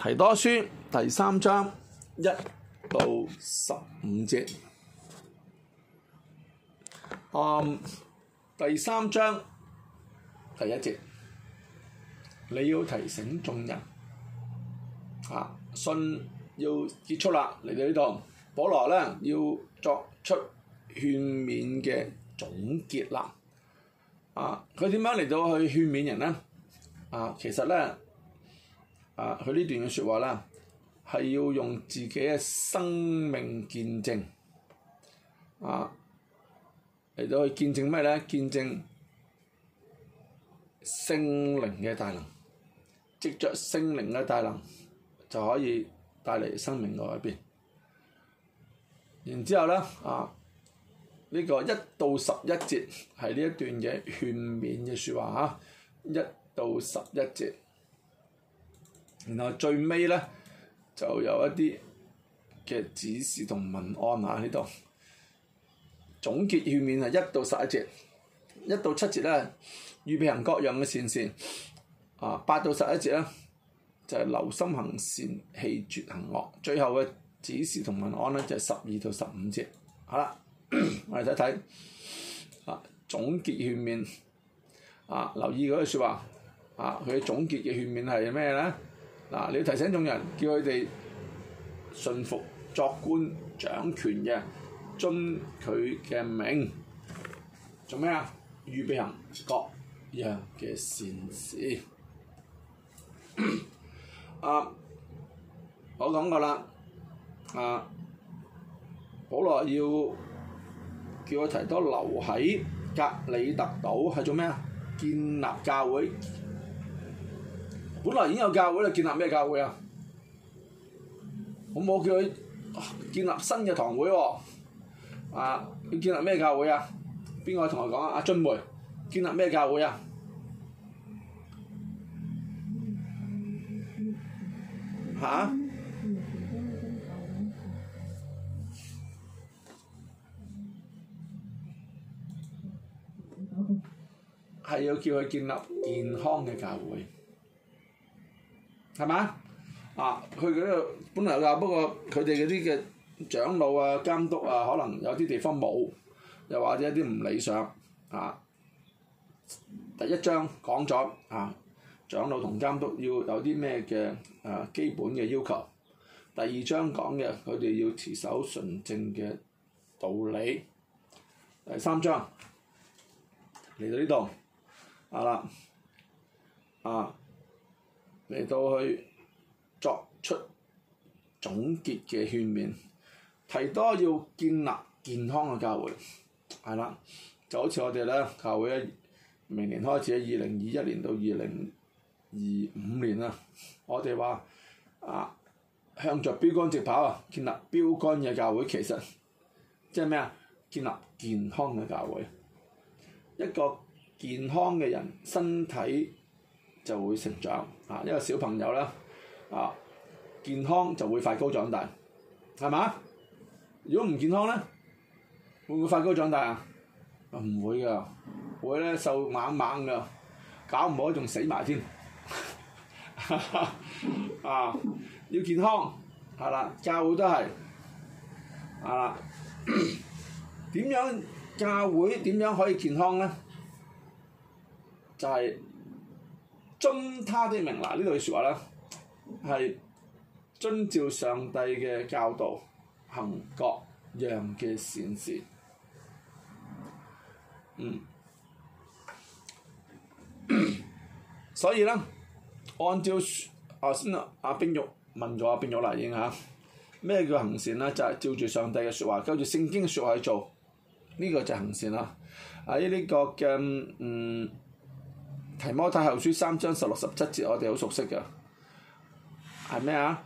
提多書第三章一到十五節。啊、嗯，第三章第一節，你要提醒眾人，啊，信要結束啦。嚟到呢度，保羅咧要作出勸勉嘅總結啦。啊，佢點樣嚟到去勸勉人咧？啊，其實咧。啊！佢呢段嘅説話啦，係要用自己嘅生命見證，啊，嚟到去見證咩咧？見證聖靈嘅大能，藉着聖靈嘅大能就可以帶嚟生命嘅改變。然之後咧，啊，呢、這個一到十一節係呢一段嘢勸勉嘅説話嚇，一、啊、到十一節。然後最尾咧，就有一啲嘅指示同問安、啊。嚇喺度，總結勸勉係一到十一節，一到七節咧，預備行各樣嘅善善啊，八到十一節咧就係、是、留心行善，棄絕行惡。最後嘅指示同問安咧就係十二到十五節，好啦， 我哋睇睇啊，總結勸勉。啊，留意嗰句説話，啊佢嘅總結嘅勸勉係咩咧？嗱，你要提醒眾人，叫佢哋信服作官掌權嘅，遵佢嘅命，做咩啊？預備行各樣嘅善事。啊，我講過啦，啊，保羅、啊、要叫佢提多留喺格里特島，係做咩啊？建立教會。本來已經有教會啦，建立咩教會啊？我冇叫佢建立新嘅堂會喎。啊，要建立咩教會啊？邊個同我講啊？阿俊梅，建立咩教會啊？嚇、啊？係要叫佢建立健康嘅教會。係嘛？啊，佢嗰度本來㗎，不過佢哋嗰啲嘅長老啊、監督啊，可能有啲地方冇，又或者一啲唔理想啊。第一章講咗啊，長老同監督要有啲咩嘅啊基本嘅要求。第二章講嘅佢哋要持守純正嘅道理。第三章嚟到呢度，好啦，啊。啊嚟到去作出總結嘅勸勉，提多要建立健康嘅教會，係啦，就好似我哋咧教會咧，明年開始喺二零二一年到二零二五年啊，我哋話啊，向着標竿直跑啊，建立標竿嘅教會，其實即係咩啊？建立健康嘅教會，一個健康嘅人身體。就會成長嚇，因為小朋友咧啊，健康就會快高長大，係嘛？如果唔健康咧，會唔會快高長大啊？唔會噶，會咧瘦猛猛噶，搞唔好仲死埋添。啊，要健康係啦，教會都係係啦，點樣教會點樣可以健康咧？就係、是。尊他的名，嗱呢度嘅説話咧係遵照上帝嘅教導，行各樣嘅善事。嗯， 所以咧，按照阿、啊、先阿阿、啊、冰玉問咗阿冰玉啦，已經嚇咩叫行善咧？就係、是、照住上帝嘅説話，跟住聖經嘅説話去做，呢、這個就係行善啦。喺、啊、呢、這個嘅嗯。提摩太後書三章十六十七節，我哋好熟悉嘅，係咩啊？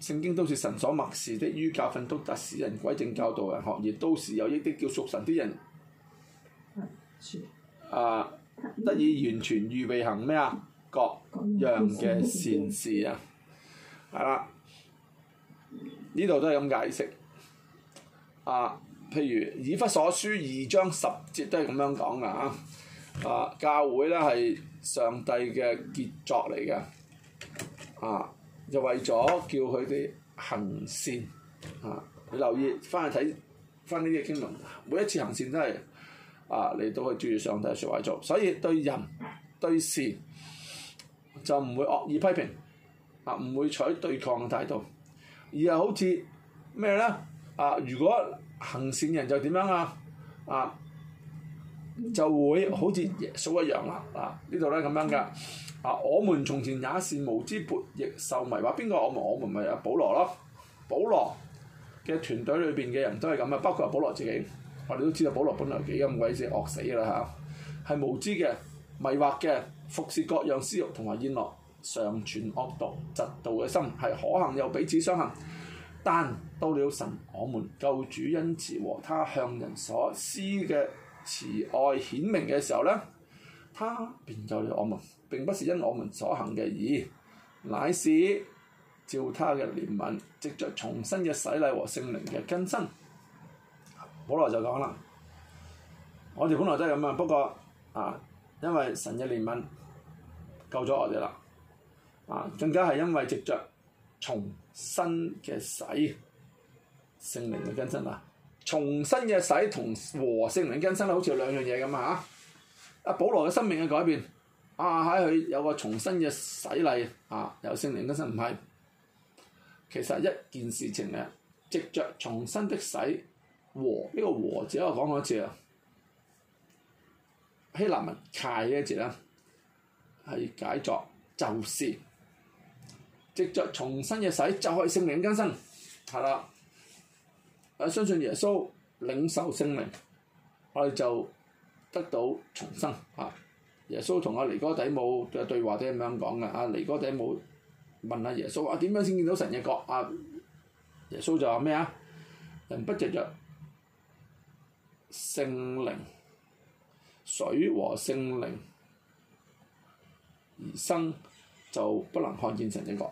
聖經都是神所默示的，於教訓、督責、使人歸正、教導人、學業，都是有益的，叫的，叫屬神啲人啊，得以完全預備行咩啊？各樣嘅善事啊，係啦，呢度都係咁解釋啊。譬如以弗所書二章十節都係咁樣講噶啊。啊！教會咧係上帝嘅傑作嚟嘅，啊，就為咗叫佢哋行善，啊，你留意翻去睇翻呢啲經文，每一次行善都係，啊，你都去注意上帝嘅説話做，所以對人對事就唔會惡意批評，啊，唔會採對抗嘅態度，而係好似咩咧？啊，如果行善人就點樣啊？啊！就會好似耶穌一樣啦，啊呢度咧咁樣㗎，啊我們從前也是無知、悖逆、受迷惑。邊個我？我咪阿保羅咯，保羅嘅團隊裏邊嘅人都係咁啊，包括保羅自己，我、啊、哋都知道保羅本來幾咁鬼死惡死㗎啦嚇，係、啊、無知嘅、迷惑嘅、服侍各樣私慾同埋宴樂，常存惡毒嫉妒嘅心，係可恨又彼此相恨。但到了神，我們救主，恩慈和他向人所施嘅。慈愛顯明嘅時候咧，他便救了我們。並不是因我們所行嘅義，乃是照他嘅憐憫，藉着重生嘅洗禮和聖靈嘅更新。好耐就講啦，我哋本來都係咁啊，不過啊，因為神嘅憐憫救咗我哋啦，啊，更加係因為藉着重生嘅洗聖靈嘅更新啦。重新嘅洗同和聖靈更新咧，好似兩樣嘢咁啊！阿保羅嘅生命嘅改變，啊喺佢有個重新嘅洗禮啊，有聖靈更新，唔係，其實一件事情咧，藉着重新的洗和呢、這個和字，我講過一次啊，希臘文 ι 嘅呢字咧係解作就是，藉着重新嘅洗就係聖靈更新，係啦。相信耶穌領受聖靈，我哋就得到重生嚇、啊。耶穌同阿尼哥底母嘅對話都咁樣講嘅。阿、啊、尼哥底母問阿、啊、耶穌，啊點樣先見到神嘅國？阿、啊、耶穌就話咩啊？人不藉著聖靈、水和聖靈而生，就不能看見神嘅國。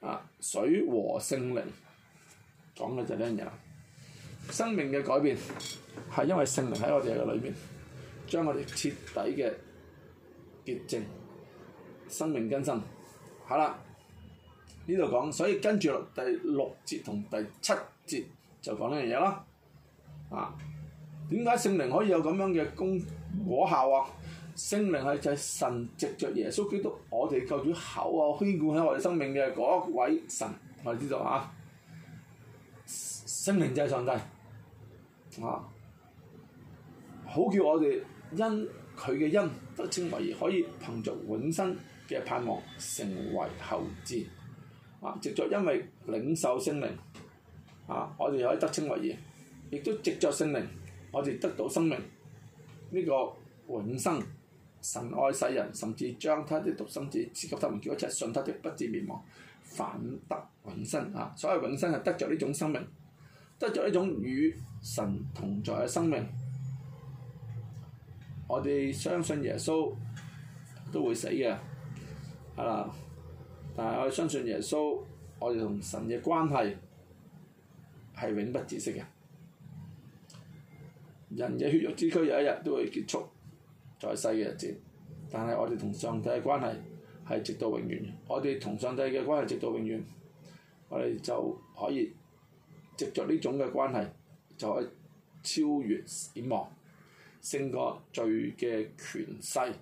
啊，水和聖靈講嘅就係呢樣嘢。生命嘅改變係因為聖靈喺我哋嘅裏邊，將我哋徹底嘅潔淨、生命更新，好啦，呢度講，所以跟住落第六節同第七節就講呢樣嘢啦。啊，點解聖靈可以有咁樣嘅功果效啊？聖靈係就係神藉著耶穌基督我，啊、我哋救主口啊宣講喺我哋生命嘅嗰一位神，我哋知道啊。聖靈就係上帝。啊！好叫我哋因佢嘅恩得稱為義，可以憑着永生嘅盼望成為後嗣。啊！藉著因為領受聖靈，啊，我哋可以得稱為義，亦都藉著聖靈，我哋得到生命呢個永生。神愛世人，甚至將他的獨生子賜給他們，叫一切信他的不致滅亡，反得永生。啊！所謂永生係得着呢種生命。得咗一種與神同在嘅生命，我哋相信耶穌都會死嘅，係啦！但係我哋相信耶穌，我哋同神嘅關係係永不止息嘅。人嘅血肉之軀有一日都會結束，在世嘅日子，但係我哋同上帝嘅關係係直到永遠。我哋同上帝嘅關係直到永遠，我哋就可以。藉着呢種嘅關係，就可以超越死亡，勝過罪嘅權勢。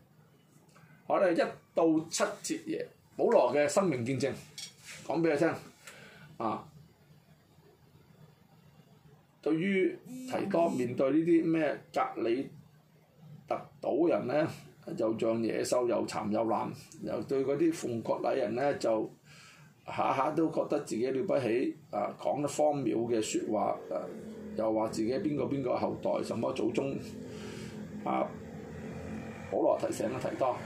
好咧，一到七節，耶保羅嘅生命見證，講俾你聽。啊，對於提多面對呢啲咩格里特島人咧，又像野獸，又殘又懶；又對嗰啲奉割禮人咧，就～下下都覺得自己了不起，啊、呃、講得荒謬嘅説話，呃、又話自己邊個邊個後代，什麼祖宗啊？保羅提醒阿提多，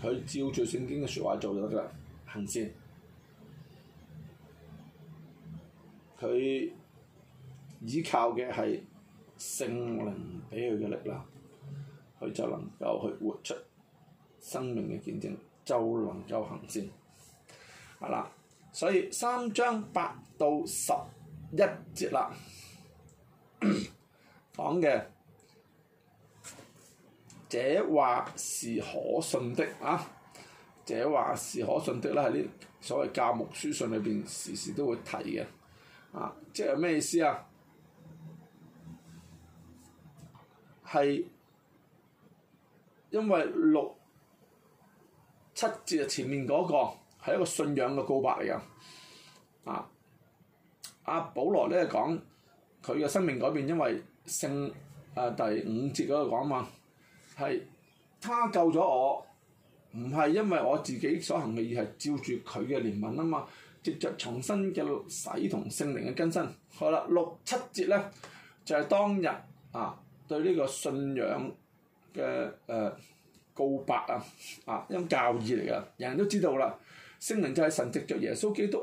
佢照住聖經嘅説話做就得啦，行先。佢依靠嘅係聖靈俾佢嘅力量，佢就能夠去活出生命嘅見證。就能夠行善，係啦，所以三章八到十一節啦，講嘅， 這話是可信的啊，這話是可信的啦，係啲所謂教牧書信裏面時時都會提嘅，啊，即係咩意思啊？係因為六。七節啊，前面嗰、那個係一個信仰嘅告白嚟嘅，啊，阿、啊、保羅咧講佢嘅生命改變，因為聖啊、呃、第五節嗰度講啊，係他救咗我，唔係因為我自己所行嘅，而係照住佢嘅憐憫啊嘛，接着重新嘅洗同聖靈嘅更新，好啦，六七節咧就係、是、當日啊對呢個信仰嘅誒。呃告白啊！啊，一種教義嚟噶，人人都知道啦。聖靈就係神藉着耶穌基督，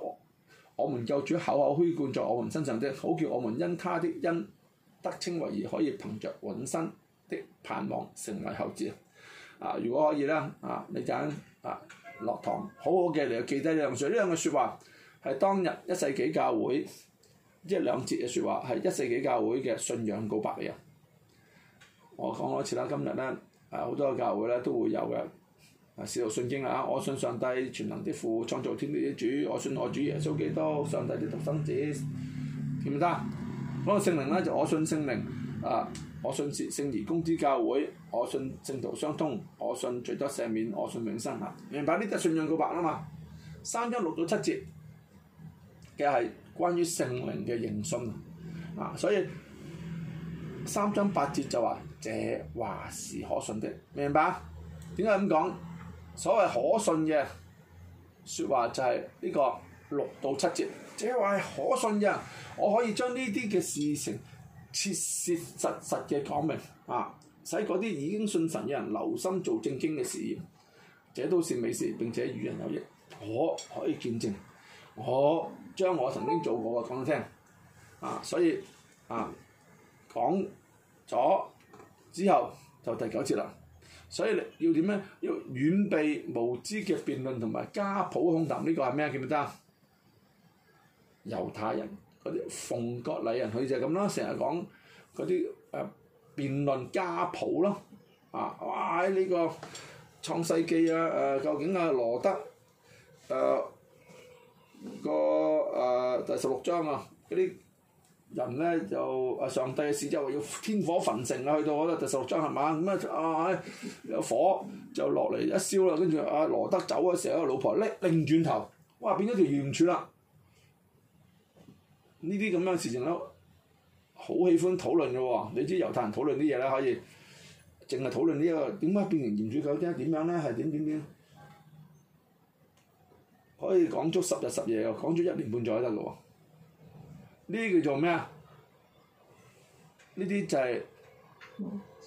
我們救主厚厚澆灌在我們身上啫，好叫我們因他的恩得稱為義，可以憑着永生的盼望成為後嗣。啊，如果可以咧，啊，你揀啊落堂，好好嘅。你嚟，記得兩句呢兩句説話，係當日一世紀教會一兩節嘅説話，係一世紀教會嘅信仰告白嚟嘅。我講多次啦，今日咧。啊，好多個教會咧都會有嘅，啊，使徒信經啊，我信上帝全能的父，創造天地的主，我信我主耶穌基督，上帝的獨生子，見唔見得？嗰個聖靈咧就我信聖靈，啊，我信聖聖而公之教會，我信聖徒相通，我信罪得赦免，我信永生啊！明白呢啲係信仰告白啊嘛，三一六到七節嘅係關於聖靈嘅認信啊，所以。三章八節就話，這話是可信的，明白？點解咁講？所謂可信嘅説話就係呢個六到七節，這話係可信嘅。我可以將呢啲嘅事情切切實實實嘅講明啊，使嗰啲已經信神嘅人留心做正經嘅事業，這都是美事，並且與人有益。我可以見證，我將我曾經做過嘅講聽，啊，所以啊講。講咗之後就第九節啦，所以你要點咧？要遠避無知嘅辯論同埋家譜空談，呢個係咩啊？見唔見得啊？猶太人嗰啲奉國禮人，佢就咁咯，成日講嗰啲誒辯論家譜咯，啊！哇！呢、呢個創世記啊誒，究竟啊羅得誒、啊那個誒、啊、第十六章啊啲。人咧就啊上帝嘅事就話要天火焚城啊，去到嗰度第十六章係嘛？咁啊啊，有火就落嚟一燒啦，跟住阿羅德走嘅時候，一個老婆拎，擰轉頭，哇變咗條鹽柱啦！呢啲咁樣事情咧，好喜歡討論嘅喎，你知猶太人討論啲嘢咧可以，淨係討論呢個點解變成鹽柱狗啫？點樣咧係點點點？可以講足十日十夜，講足一年半載得嘅喎。呢啲叫做咩啊？呢啲就係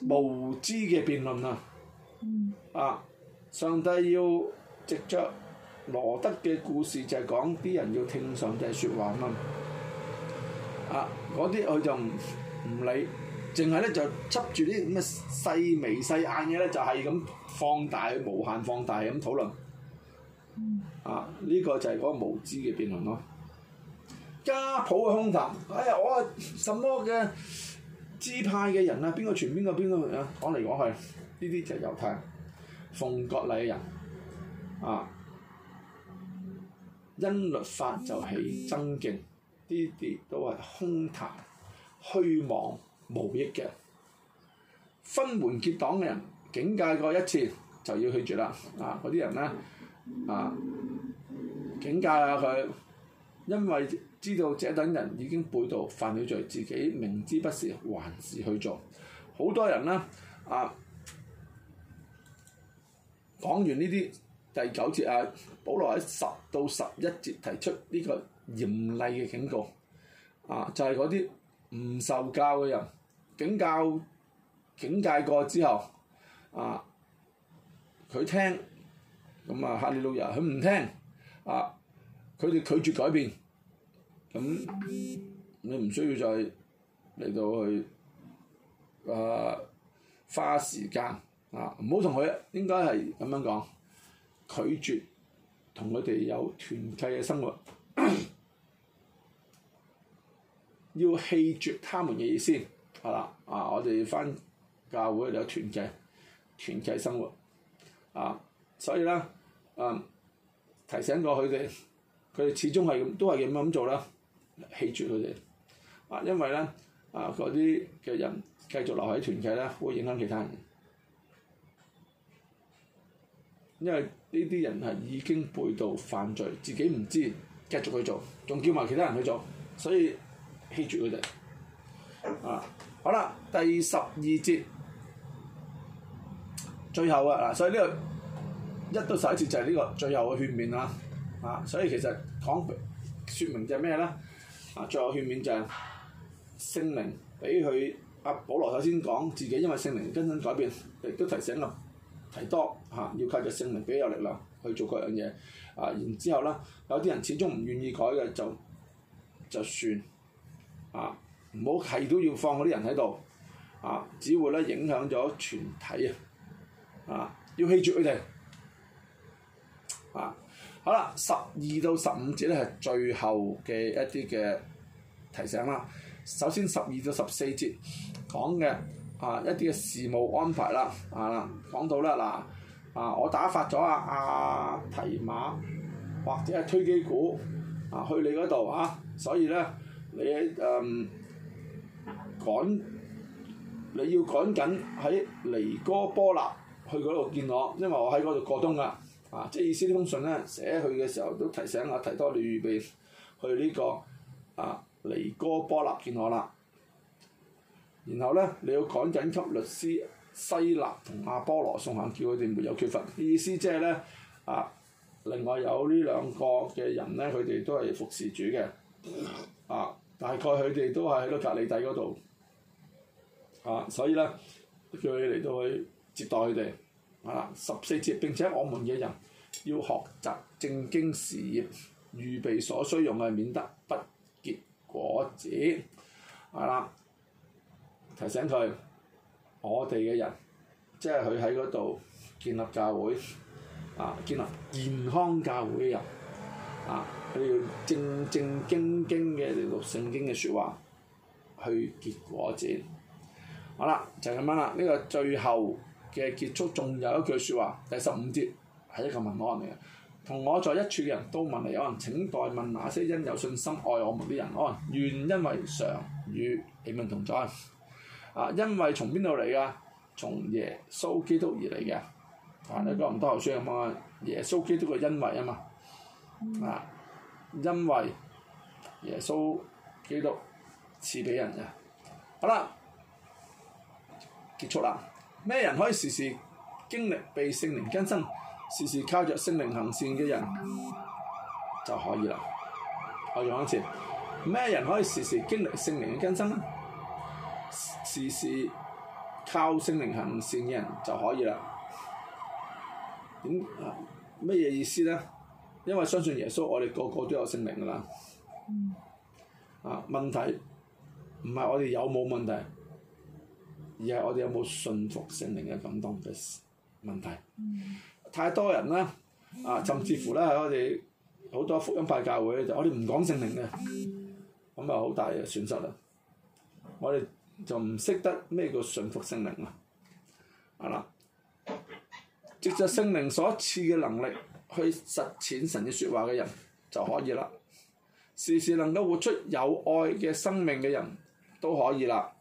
無知嘅辯論啦。啊，上帝要藉著羅德嘅故事就係講啲人要聽上帝説話啊嘛。啊，嗰啲佢就唔唔理，淨係咧就執住啲咁嘅細眉細眼嘅，咧，就係咁放大無限放大咁討論。啊，呢、呢個就係嗰個無知嘅辯論咯。家譜嘅空談，哎呀，我係什麼嘅支派嘅人啊，邊個傳邊個邊個啊，講嚟講去，呢啲就係猶太、奉國禮嘅人啊，因律法就起爭競，呢啲都係空談、虛妄、無益嘅，分門結黨嘅人，警戒過一次就要去絕啦，啊，嗰啲人咧啊，警戒下佢，因為。知道這等人已經背道犯了罪，自己明知不是還是去做。好多人啦，啊，講完呢啲第九節啊，保羅喺十到十一節提出呢個嚴厲嘅警告，啊就係嗰啲唔受教嘅人，警教警戒過之後，啊佢聽，咁啊哈利路亞，佢唔聽，啊佢哋拒絕改變。咁、嗯、你唔需要再嚟到去啊、呃、花時間啊，唔好同佢，應該係咁樣講拒絕同佢哋有團契嘅生活， 要棄絕他們嘅意思。係啦啊！我哋返教會嚟有團契、團契生活啊，所以咧啊提醒過佢哋，佢哋始終係都係咁樣咁做啦。棄絕佢哋，啊，因為咧，啊，嗰啲嘅人繼續留喺團契咧，會影響其他人。因為呢啲人係已經背道犯罪，自己唔知繼續去做，仲叫埋其他人去做，所以棄絕佢哋。啊，好啦，第十二節最後啊，嗱，所以呢個一到十一節就係呢個最後嘅勸勉啦，啊，啊，所以其實講説明就係咩咧？就係、啊，最後勸勉就係聖靈俾佢阿保羅頭先講自己因為聖靈更新改變，亦都提醒林提多嚇、啊、要靠著聖靈俾佢有力量去做各樣嘢，啊，然之後啦，有啲人始終唔願意改嘅就就算啊，唔好係都要放嗰啲人喺度，啊，只會咧影響咗全體啊，啊，要棄絕佢哋啊！好啦，十二到十五節咧係最後嘅一啲嘅提醒啦。首先十二到十四節講嘅啊一啲嘅事務安排啦，啊講到咧嗱啊，我打發咗阿阿提馬或者係推機股啊去你嗰度啊，所以咧你誒趕、嗯、你要趕緊喺尼哥波納去嗰度見我，因為我喺嗰度過冬啊。啊！即係意思呢封信咧，寫佢嘅時候都提醒阿提多你預備去呢、這個啊尼哥波納見我啦。然後咧，你要趕緊給律師西納同亞波羅送行，叫佢哋沒有缺乏。意思即係咧啊，另外有呢兩個嘅人咧，佢哋都係服侍主嘅啊。大概佢哋都係喺度革哩底嗰度啊，所以咧叫佢嚟到去接待佢哋。啊！十四節，並且我們嘅人要學習正經事業，預備所需用嘅，免得不結果子。啊！提醒佢，我哋嘅人，即係佢喺嗰度建立教會，啊，建立健康教會嘅人，啊，佢要正正經經嘅嚟讀聖經嘅説話，去結果子。好啦，就咁樣啦，呢個最後。嘅結束，仲有一句説話，第十五節係一個問安嚟嘅，同我在一處嘅人都問你：「有人請代問那些因有信心愛我們的人安，願恩惠常與你們同在。啊，恩惠從邊度嚟㗎？從耶穌基督而嚟嘅。嗱、啊，你都唔多後生，咁啊，耶穌基督嘅恩惠啊嘛，啊，因為耶穌基督賜俾人嘅。」好啦，結束啦。咩人可以時時經歷被聖靈更新，時時靠着聖靈行善嘅人就可以啦。我再講一次，咩人可以時時經歷聖靈嘅更新咧？時時靠聖靈行善嘅人就可以啦。咁啊，咩嘢意思咧？因為相信耶穌，我哋個個都有聖靈㗎喇。啊，問題唔係我哋有冇問題？而係我哋有冇順服聖靈嘅感動嘅問題，太多人啦，啊，甚至乎咧，喺我哋好多福音派教會咧，就我哋唔講聖靈嘅，咁啊好大嘅損失啦。我哋就唔識得咩叫順服聖靈啦，係啦，藉著聖靈所賜嘅能力去實踐神嘅説話嘅人就可以啦，時時能夠活出有愛嘅生命嘅人都可以啦。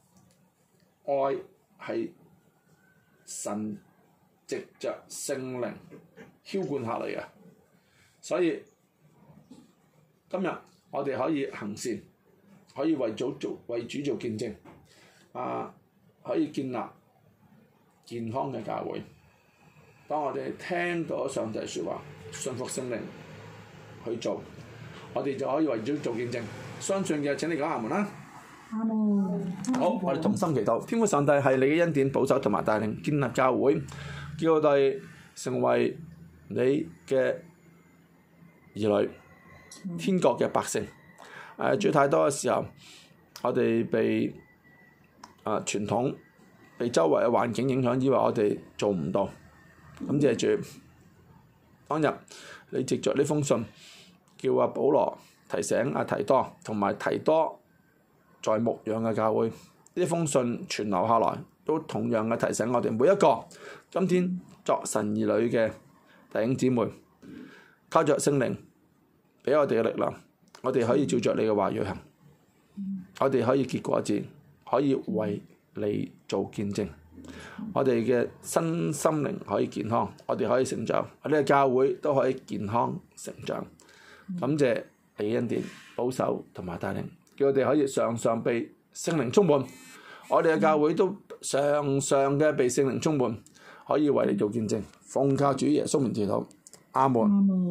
愛係神藉着聖靈澆灌下嚟嘅，所以今日我哋可以行善，可以為主做為主做見證，啊，可以建立健康嘅教會。當我哋聽到上帝説話，信服聖靈去做，我哋就可以為主做見證。相信嘅請你講下門啦。好，我哋同心祈禱，天父上帝係你嘅恩典保守同埋帶領建立教會，叫我哋成為你嘅兒女，天國嘅百姓。誒，做太多嘅時候，我哋被啊傳統、被周圍嘅環境影響，以為我哋做唔到。感謝主，當日你藉著呢封信，叫阿保羅提醒阿提多同埋提多。在牧養嘅教會，呢封信存留下來，都同樣嘅提醒我哋每一個，今天作神兒女嘅弟兄姊妹，靠着聖靈俾我哋嘅力量，我哋可以照着你嘅話豫行，我哋可以結果子，可以為你做見證，我哋嘅身心靈可以健康，我哋可以成長，我哋嘅教會都可以健康成長。感謝李恩典保守同埋帶領。叫我哋可以常常被聖靈充滿，我哋嘅教會都常常嘅被聖靈充滿，可以為你做見證，奉靠主耶穌名祈禱，阿門。阿門。